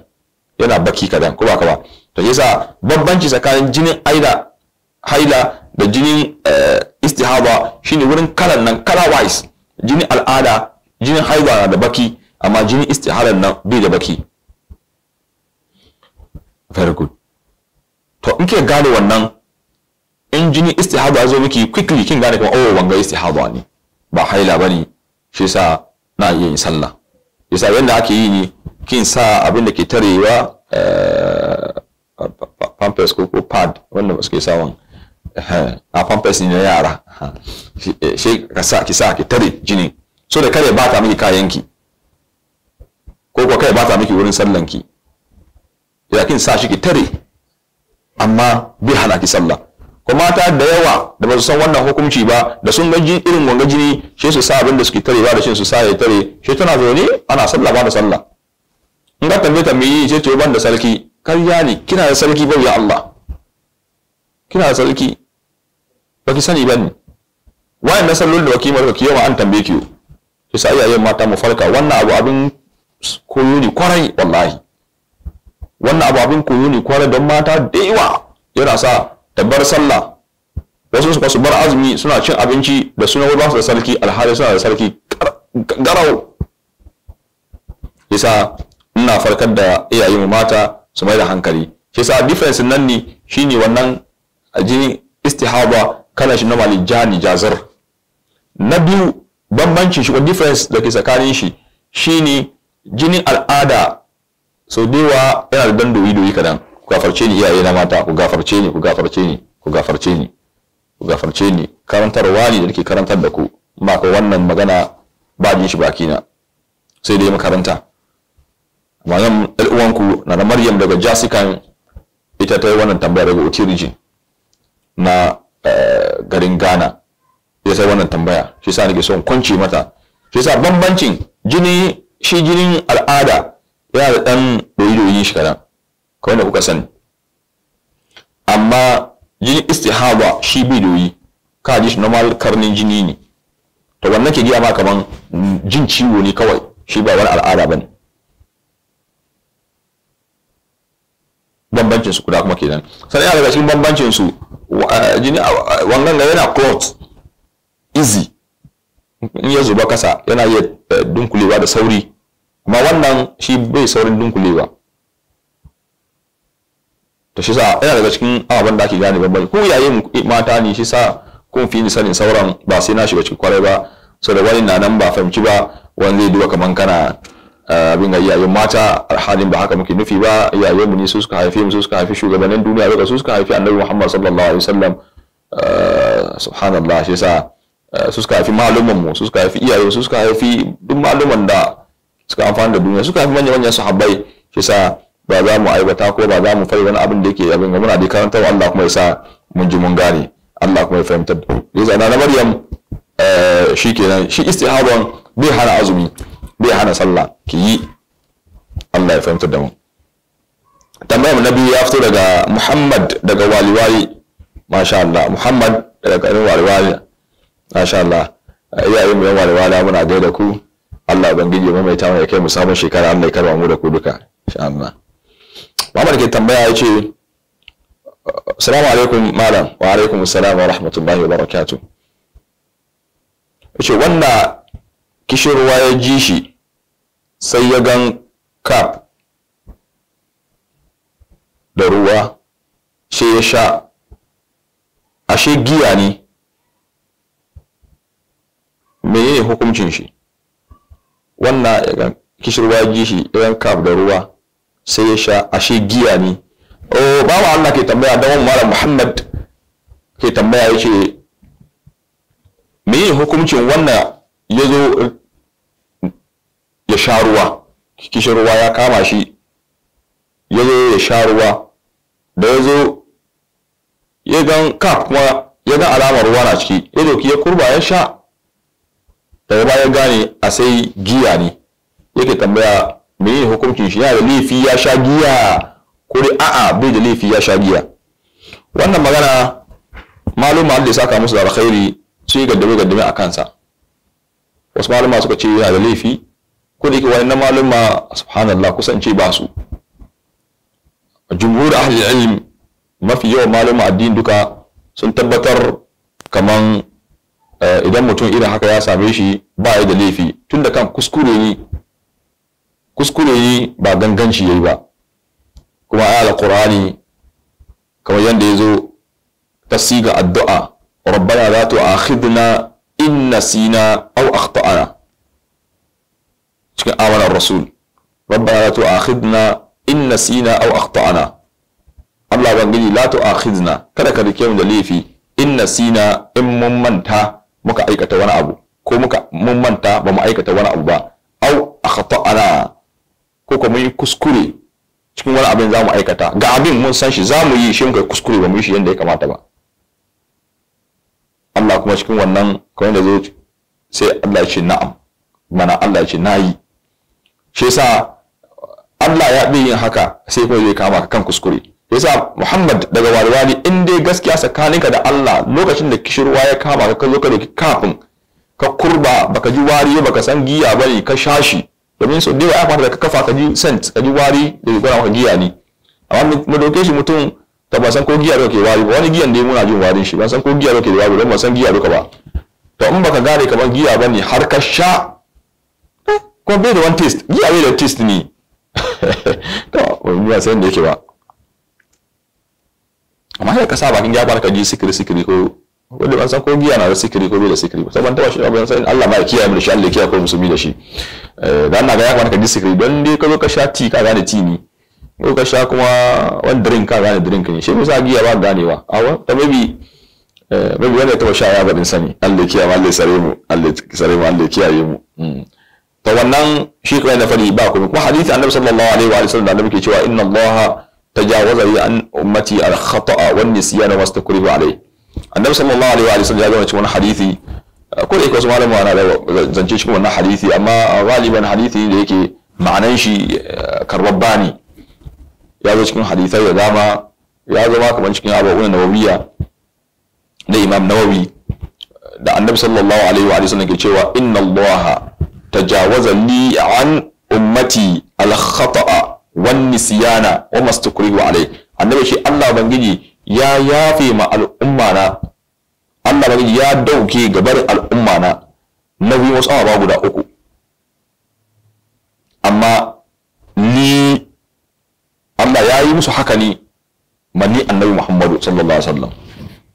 yana baki kadan ko ba ka ba to yasa bambanci tsakanin jinin aida haila da jinin eh, istihaba shine wurin kalan nan color wise jinin al'ada jinin haihuwa na da baki amma jinin istihalar nan bai da baki very good to in ke gane wannan in jini istihaba zo miki quickly kin gane kuma oh wanga istihaba ne ba haila ba ne shi sa na iya yin sallah yasa yadda ake yi ne kin sa abin da ke tarewa eh, pampers ko pad wanda ba suke samun eh, a pampers ne na yara eh, shi ka sa ki sa ki tare jini so da kare ta miki kayanki ko kuwa kare bata miki wurin sallanki ya kin sa shi ki tare amma bi hana ki sallah ko mata da yawa da ba su san wannan hukunci ba da sun gaji irin wanga jini shi su sa abin da suke tare ba da shi su sa ya tare shi tana zaune ana sallah ba da sallah in ka tambaye tambayi ce to ban da sarki karya ne kina da sarki ba ya Allah kina da sarki Ba ki sani bane wayan da sallolin da wakimar ka yawa an tambaye ki shi sa iyayen mata mu farka wannan abu abin koyo ne kwarai wallahi wannan abu abin koyo ne kwarai don mata da yawa yana sa da bar sallah wasu su bar azumi suna cin abinci da suna ba su da sarki alhali suna da sarki garau yasa ina farkar da mu mata su mai da hankali shi yasa difference nan ne shine wannan jinin istihaba kana shi normally jani jazar na biyu bambancin shi ko difference da ke tsakanin shi shine jinin al'ada sau dewa yana da dan doyi doyi kadan gafarce ni iyaye na mata ku gafarce ni ku gafarce ni ku gafarce ni ku gafarce ni karantarwa ne da nake karantar da ku ba ka wannan magana ba jin shi baki na sai dai makaranta amma nan uwanku na da Maryam daga Jasikan ita ta yi wannan tambaya daga otirji na eh, garin Ghana ya sai wannan tambaya shi sa nake son kwance mata shi sa bambancin jini shi jinin al'ada yana da ɗan doyi doyi shi kadan kawai da kuka sani amma jinin istihaba shi doyi ka ji shi normal karnin jini ne to wannan ke giya ma kaman jin ciwo ne kawai shi ba wani al'ada bane bambancin su kuda kuma kenan sai ya daga cikin bambancin su eh, jini ah, ah, wannan ga yana clot easy in ya zuba kasa yana iya eh, dunkulewa da sauri amma wannan shi bai saurin dunkulewa to shi sa yana daga cikin abin da ake gane babban ko yayi eh, mata ne shi sa kun fi ni sanin sauran ba sai na shiga cikin kwarai ba so da wani na nan ba fahimci ba wani zai duba kaman kana eh, abin ga iyayen mata halin ba haka muke nufi ba iyayen mu ne su suka haife mu su suka haifi shugabannin duniya daga su suka haifi annabi Muhammad sallallahu alaihi wasallam eh, subhanallah shi sa su suka haifi malumman mu su suka haifi iyaye su suka haifi duk malumman da suka amfana da duniya suka haifi manyan manyan sahabbai shi sa ba za mu aibata ko ba za mu fari wani abin da yake abin muna dai karantar Allah kuma ya sa mun ji mun gane Allah kuma ya fahimtar da ya zana na Maryam eh, shi kenan shi istihaban bai hana azumi bai hana sallah ki yi Allah ya fahimtar da mu tambayar mu nabi ya fito daga Muhammad daga waliwali masha Allah Muhammad daga karin waliwali masha Allah iyayen mu yan waliwali muna gaida ku Allah ubangiji ya maimaita mu ya kai mu sabon shekara Allah ya karba mu da ku duka insha Allah Muhammad ke tambaya ya ce Assalamu alaikum malam wa alaikum salam wa rahmatullahi wa Ya ce, wanda kishirwa ya ji shi sai ya gan kap da ruwa sai ya sha ashe giya ne menene hukuncin shi wannan kishirwa ya ji shi ya gan kap da ruwa sai ya sha ashe giya ne Ba oh, bawa Allah ke tambaya wani malam Muhammad ke tambaya ya yace me hukuncin wannan zo ya sha ruwa kishin ruwa ya kama shi ya zo ya sha ruwa da zo ya gan ka kuma ya ga alamar ruwa na ciki ya doki ya kurba ya sha daga baya gane a sai giya ne yake tambaya me hukuncin shi yana da laifi ya sha giya ko dai a'a bai da laifi ya sha giya wannan magana maluma da saka musu da alkhairi sai gaddame gaddame a kansa wasu maluma suka ce yana da laifi ko da yake wannan maluma subhanallah kusan ce ba su jumhur ahli ilm mafi yawan maluma addini duka sun tabbatar kaman eh, idan mutum irin haka ya same shi ba ya da laifi tun da kan kuskure ne kuskure yi ba ganganci yayi ba kuma ayat alqurani kamar yanda ya zo ta siga addu'a rabbana la tu'akhidna in nasina aw akhtana cikin amana rasul rabbana la tu'akhidna in nasina aw akhtana Allah gidi la tu'akhidna kada ka rike mu da laifi in nasina in mun manta muka aikata wani abu ko muka mun manta ba mu aikata wani abu ba aw akhtana ko kuma yi kuskure cikin wani abin za mu aikata ga abin mun san shi za mu yi shi muka kuskure ba mu yi shi yadda ya kamata ba Allah kuma cikin wannan kawai da zai sai Allah ya ce na'am mana Allah ya ce na yi shi yasa Allah ya bi yin haka sai kuma zai kama kan kuskure yasa Muhammad daga walwali in dai gaskiya tsakaninka da Allah lokacin da kishirwa ya kama ka zo ka doki kafin ka kurba baka ji wari baka san giya bane ka shashi domin sau da ya kamata ka kafa ka ji scent ka ji wari da ya kwana giya ne amma mu dauke shi mutum ta ba san ko giya da ke wari ba wani giyan da muna jin warin shi ba san ko giya da ke wari ba san giya duka ba to in baka gane kamar giya ba ne har ka sha eh, ko bai da wani taste giya bai da taste ne to wani ya san da yake ba amma sai ka sa bakin giya ka ji sikiri sikiri ko wanda ban san ko giya na da sikiri ko bai da sikiri ba sai ban taba shi ba ban san Allah ma ya kiyaye mu da shi Allah ya kiyaye ko musulmi da shi Eh, da ga ya kamata ka disagree don dai ka zo ka sha ti ka gane ti ne ko ka sha kuma wani drink ka gane drink ne shi musa giya ba ganewa a ta maybe eh, maybe wanda ya taba sha ya barin sani Allah kiya ma Allah sare mu Allah sare mu Allah kiyaye mu mm. to wannan shi kai na fari ba kuma kuma hadisi annabi sallallahu alaihi wa sallam da annabi ke cewa inna Allah tajawaza ya an ummati al khata wa nisyana wastakrihu alaihi annabi sallallahu alaihi wa sallam ya gama cikin wani hadisi ko da yake wasu malamin ana da zance cikin wannan hadisi amma galiban hadisi da yake ma'anan shi eh, karbabba bani. ya zo cikin hadisai da dama ya zama kamar cikin abubuwan nawawiya na imam nawawi da annabi sallallahu alaihi wa sallam ke cewa inna allaha tajawaza li an ummati al khata'a wan nisyana wa mastukrihu alai annabi shi Allah bangiji ya yafe ma al'umma na Allah ba ya dauke gabar al'umma na nauyi wasu awa guda uku amma ni Allah ya yi musu haka ne manni annabi Muhammadu sallallahu alaihi wasallam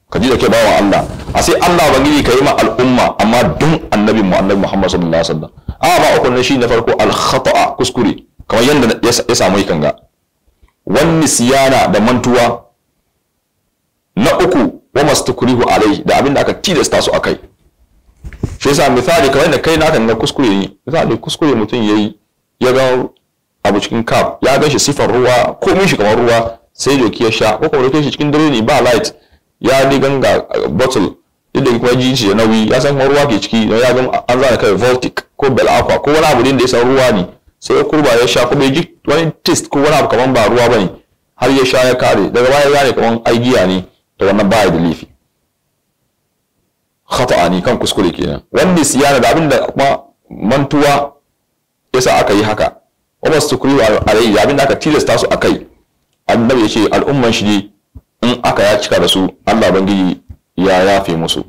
ka ji da ke bawa Allah a sai Allah ba ka yi ma al'umma amma don annabi mu annabi Muhammadu sallallahu alaihi wasallam a ba uku shi na farko al khata'a kuskure kamar yadda ya samu kanga wani siyana da mantuwa na uku wa mastukrihu alai da abin da aka tilasta su akai shi yasa misali kamar da kai naka na kuskure ne misali kuskure mutum yayi ya ga abu cikin cup ya ga shi sifar ruwa ko min shi kamar ruwa sai doki ya sha ko kuma doki shi cikin dare ne ba light ya ni ganga bottle inda kuma ji nauyi ya san kuma ruwa ke ciki don ya ga an zana kai voltic ko bel aqua ko wani abu ne da ya san ruwa ne sai kurba ya sha kuma ji wani test ko wani abu kamar ba ruwa bane har ya sha ya kare daga baya ya ne kaman ai ne to wannan ba yi da laifi khata'a ne kan kuskure kenan wanda siyana da abin da kuma mantuwa yasa aka yi haka wa mastukrihu alayhi abin da aka tilasta su akai annabi yace al'umman shi ne in aka ya cika da su Allah bangiji ya yafe musu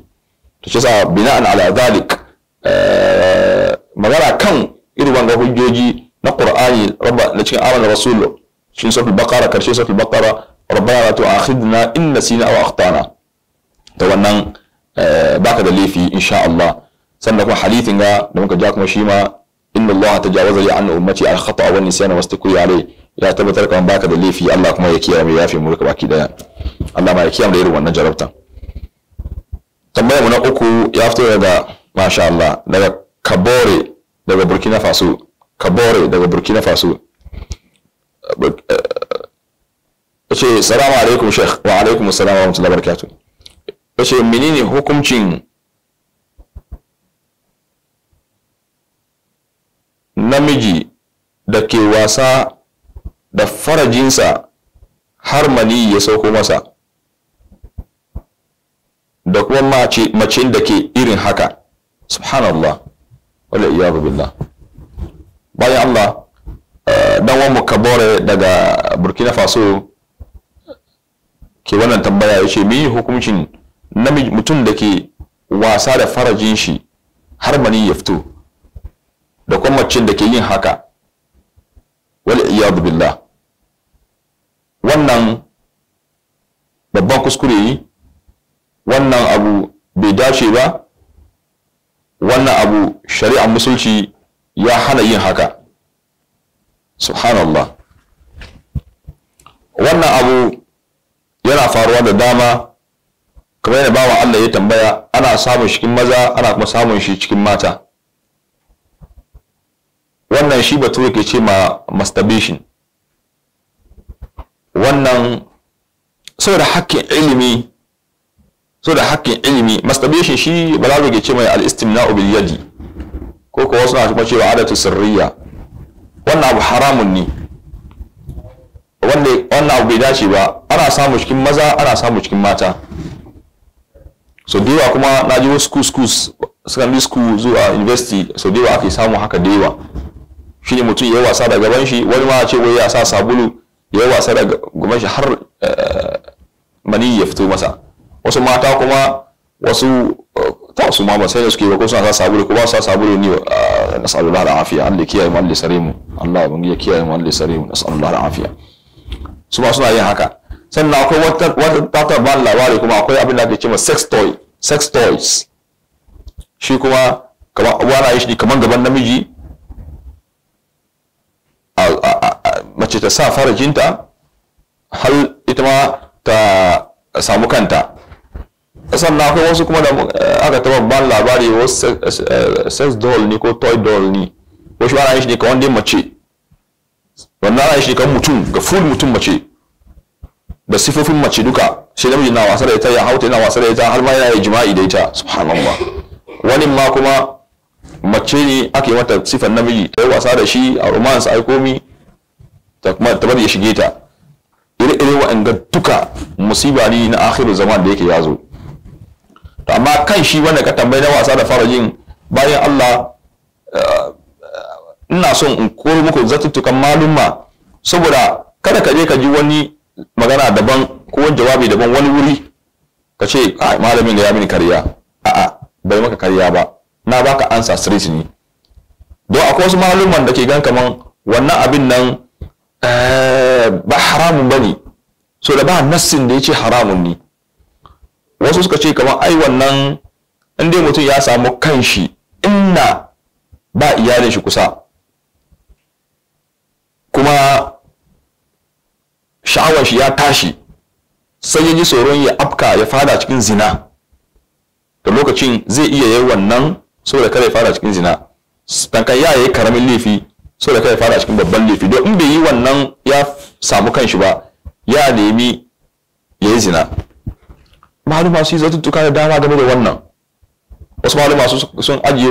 to shi yasa bina'an ala zalik eh, magana kan irin wanga hujjoji na Qur'ani rabba na cikin amanar rasul shin safi bakara karshe safi bakara rabbana la tu'akhidna in nasina aw akhtana to wannan eh, baka da lafi insha Allah sannan kuma hadithin ga da muka ja kuma shi ma inna Allah tajawaza li an ummati al khata wa nisyana wastakuri alai ya tabbatar kan baka da lafi Allah kuma ya kiyaye ya fi mulka baki daya Allah ma ya kiyaye da irin wannan jarabta tambaya mu na uku ya fito daga masha Allah daga Kabore daga Burkina Faso Kabore daga Burkina Faso eh, ce salamu alaikum sheikh wa alaikum salamu wa salamu alaikum barakatuh yace menene hukuncin namiji da ke wasa da farajinsa har mani ya sauko masa da kuma macin da ke irin haka subhanallah wala iyadu billah bayan Allah eh, dan wani kabore daga burkina faso ke wannan tambaya ya ce meye hukuncin mutum da ke wasa da farajin shi har mani ya fito da kuma macin da ke yin haka wal iyadu billah wannan babban kuskure yi wannan abu bai dace ba wannan abu shari'ar musulci ya hana yin haka subhanallah wannan abu yana faruwa da dama kamar yadda bawa Allah ya tambaya ana samun shi cikin maza ana kuma samun shi cikin mata wannan shi batu ke ce ma masturbation wannan saboda hakkin ilimi saboda hakkin ilimi masturbation shi ba za ke ce mai al-istimna'u bil yadi ko ko wasu na kuma cewa adatu sirriya wannan abu haramun ne wanda wannan abu bai dace ba ana samu cikin maza ana samu cikin mata so da kuma na ji wasu schools secondary school zuwa university so da ake samu haka da yawa ne mutum ya wasa da gaban shi wani ma ce wai ya sa sabulu ya wasa da gaban shi har eh, mani ya fito masa wasu mata kuma wasu eh, ta su ma sai da suke ba ko suna sa sabulu ko ba sa sabulu ne eh, nasallallahu alaihi wa afiya Allah ya kiyaye mu Allah ya sare mu Allah ya kiyaye mu Allah ya sare mu nasallallahu alaihi wa afiya su ba suna yin haka sannan akwai wata ta ba labari kuma akwai abin da ake cewa sex toy sex toys shi kuma kamar wani shi kamar gaban namiji mace ta sa farajinta har ita ma ta samu kanta sannan akwai wasu kuma da eh, aka taba ban labari wasu eh, sex doll ne ko toy doll ne wasu ana yin shi ne kamar dai mace wannan ana shi kan mutum ga full mutum mace da sifofin mace duka sai namiji na wasa da ita ya hauta yana wasa da ita har ma yana yi jima'i da ita subhanallah wani ma kuma mace ne ake mata sifan namiji ta yi wasa da shi a romans ai komi ta kuma ya shige ta ire-ire wa'anda duka musiba ne na akhirul zaman da yake ya zo amma kan shi wanda ka tambayi na wasa da farajin bayan Allah eh, ina son in koro muku zatuttukan malumma saboda kada ka je ka ji wani magana daban ko wani jawabi daban wani wuri ka ce a malamin da ya mini karya a bai maka karya ba na baka ansa straight ne don akwai wasu maluman da ke gan kaman wannan abin nan eh, ba haramun ba ne so da ba nassin da ya ce haramun ne wasu suka ce kamar ai wannan in dai mutum ya samu kanshi inna ba iyalin shi kusa kuma sha'awar shi ya tashi sai ya ji tsoron ya afka ya fada cikin zina da lokacin zai iya yi wannan saboda kada ya fada cikin zina tankan ya yi karamin laifi saboda kada ya fada cikin babban laifi don in bai yi wannan ya samu kanshi ba ya nemi ya yi zina maluma su yi zartuttuka da dama game da wannan wasu maluma sun ajiye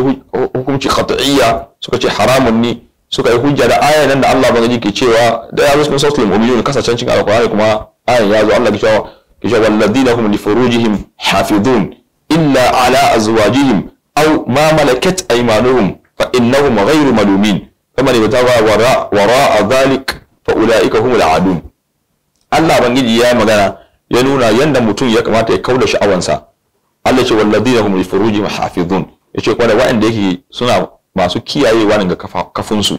hukunci qat'iyya suka ce haramun ne suka yi hujja da ayan nan da Allah bangiji ke cewa da ya musu sosu sautul mu'minun kasacen cikin kuma ayan ya zo Allah ke cewa ke cewa walladina kuma li furujihim hafidun illa ala azwajihim aw ma malakat aymanuhum fa innahum ghayru malumin faman yatawa wara wara dhalik fa ulaika humul adun Allah bangiji ya magana ya nuna yadda mutum ya kamata ya kauda sha'awansa Allah ce walladina hum li furujihim hafizun yace kuma da wa'anda yake suna masu kiyayewa ne ga kafunsu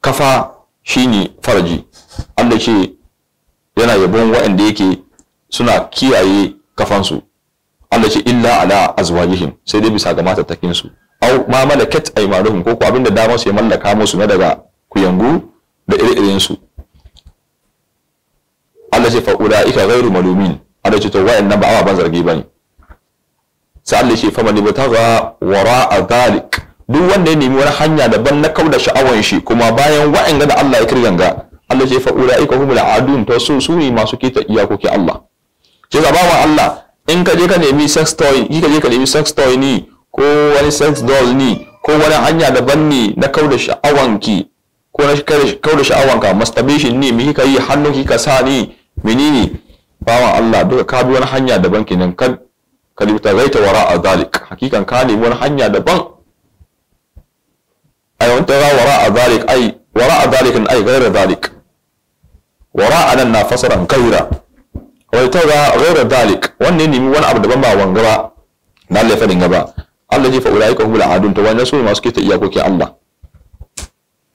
kafa shine farji Allah ce yana yabon waɗanda yake suna kiyaye kafansu Allah ce illa ala azwajihim sai dai bisa ga matattakinsu au ma malakat aymanuhum ko ko abinda damar su ya mallaka musu na daga kuyangu da ire-iren su Allah ce fa ulaika gairu malumin Allah ce to wa'annan ba a ababan zargi bane sai Allah ce faman ibtagha wara'a zalik duk wanda ya nemi wani hanya daban na kauda sha'awan shi kuma bayan wa'anga da Allah ya kirganga Allah ce fa ulaika humul adun to su su ne masu kita iyakoki Allah ce ga wa Allah in ka je ka nemi sex toy ki ka je ka nemi sex toy ni ko wani sex doll ni ko wani hanya daban ne na kauda ki ko na kauda ka masturbation ne me kika yi hannu kika sa ni menene bawan Allah duka ka bi wani hanya daban kenan ka kad wara a dhalik hakikan ka nemi wani hanya daban ay wanta za wara'a dhalik ay wara'a dhalik ay ghayra wara a nan na fasaran kaira wai ta ga ghayra dhalik wannan nemi wani abu daban ba wanga ba na Allah gaba Allah ji fa ulaika humul adun to wannan su masu kita iyakokin Allah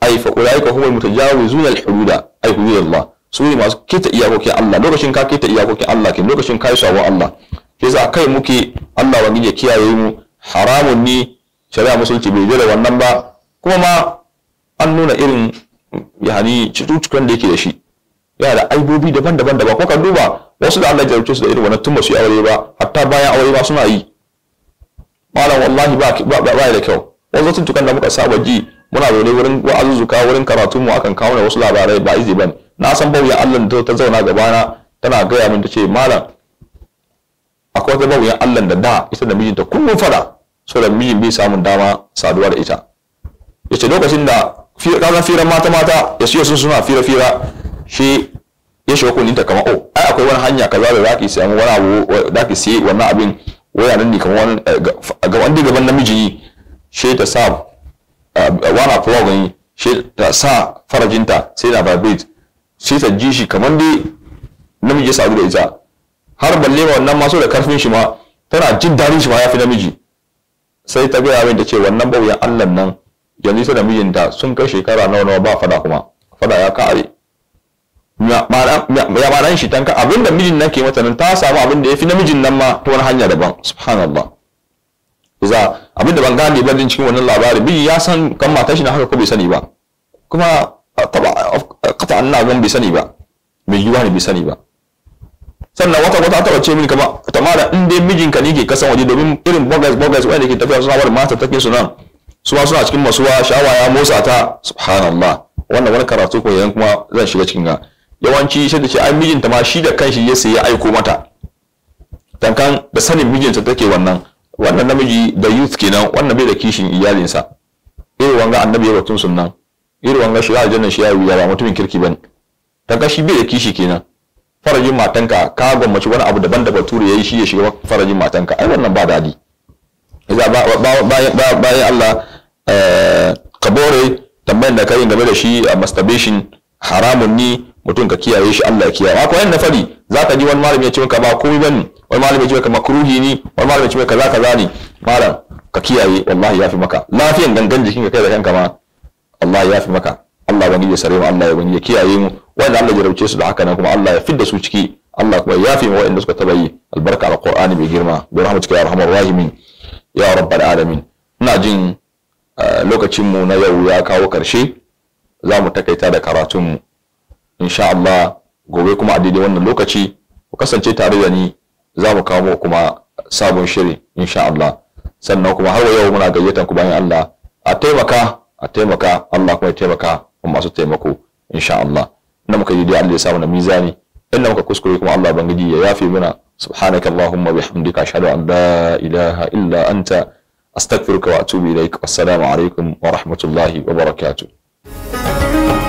ay fa ulaika humul mutajawizun al hududa ay hududallah su ne masu kita iyakokin Allah lokacin ka kita iyakokin Allah kin lokacin ka yi sawa Allah yasa kai muke Allah wani ya kiyaye mu haramun ne shari'a musulci bai da wannan ba kuma ma an nuna irin ya-hani cututtukan da yake da shi yana da aibobi daban-daban daban ko ka duba wasu da Allah ya jarumce su da irin wannan tun ba su aure ba hatta bayan aure ba suna yi malam wallahi ba ba ba da kyau wasu tuntukan da muka saba ji muna zaune wurin wa'azuzuka wurin karatu mu akan kawo wasu labarai ba izi ban na san bauya Allah da ta zauna gabana tana gaya min ce malam akwai wata mawuyan Allah da da ita da mijinta kullum fada saboda mijin bai samun dama saduwa da ita yace lokacin da kaga firar mata mata ya siyo sun suna fira fira shi ya shiga ta kama o oh, ai akwai wani hanya kaza da ki samu wani abu ki sayi wannan abin waya nan ne kamar wani eh, ga wanda gaban namiji shi ta sa wani plug ne shi ta sa farajinta sai na vibrate sai ta ji shi kamar dai namiji ya sadu da ita har balle ma wannan maso da karfin shi ma tana jin daɗin shi ma ya fi namiji sai ta gaya min da ce wannan bauyan Allah nan yanzu sai da mijinta sun kai shekara nawa nawa ba fada kuma fada ya kare ya maran shi tanka abinda mijin nan ke mata nan ta samu abin da fi namijin nan ma ta wani hanya daban subhanallah za abinda ban gane ba cikin wannan labari miji ya san kan matar shi na haka ko bai sani ba kuma taba qata annaban bai sani ba mai yiwa ne bai sani ba sannan wata wata ta ce mini kama tamara in dai mijinka ne ke kasan waje domin irin bogus bogus wanda ke tafiya suna wani mata take su nan suwa suna cikin masuwa sha'awa ya motsa ta subhanallah wannan wani karatu ko yayin kuma zan shiga cikin ga yawanci shi da ce ai mijinta ma shi da kanshi ya sai ya aiko mata tankan da sanin mijinta take wannan wannan namiji da youth kenan wannan bai da kishin iyalinsa irin wanga annabi ya batun sunan. irin wanga shi aljanna shi ya yi ba mutumin kirki bane tankan shi bai da kishi kenan farajin matanka ka gwammaci wani abu daban da bature yi shi ya shiga farajin matanka ai wannan ba dadi iza bayan Allah eh, ka bore tambayan da kai game da shi a masturbation haramun ni mutum ka kiyaye shi Allah ya kiyaye ko yan nafari ka ji wani malami ya ce maka ba komai bane wani malami ya ce maka makruhi ni wani malami ya ce maka kaza kaza ne malam ka kiyaye wallahi yafi maka lafiyan gangan jikin ka kai da kanka ma Allah yafi maka Allah wani ya sare mu Allah ya wani ya kiyaye mu wanda Allah ya rauce su da haka nan kuma Allah ya fidda su ciki Allah kuma ya yafe ma wa'anda suka taba yi albarka alqur'ani mai girma bi rahmatika ya arhamar rahimin ya rabbal alamin ina jin lokacin mu na yau ya kawo karshe za mu takaita da karatun mu insha Allah gobe kuma a daidai wannan lokaci ku kasance tare da ni za mu kawo kuma sabon shiri insha Allah sannan kuma har yau muna gayyatan ku bayan Allah a taimaka a taimaka Allah kuma ya taimaka masu taimako insha Allah inda muka yi Allah ya samu na mizani inda muka kuskure kuma Allah bangiji ya yafe mana. subhanaka allahumma bihamdika ashhadu an la ilaha illa anta astaghfiruka wa atubu ilaik assalamu alaikum wa rahmatullahi wa barakatuh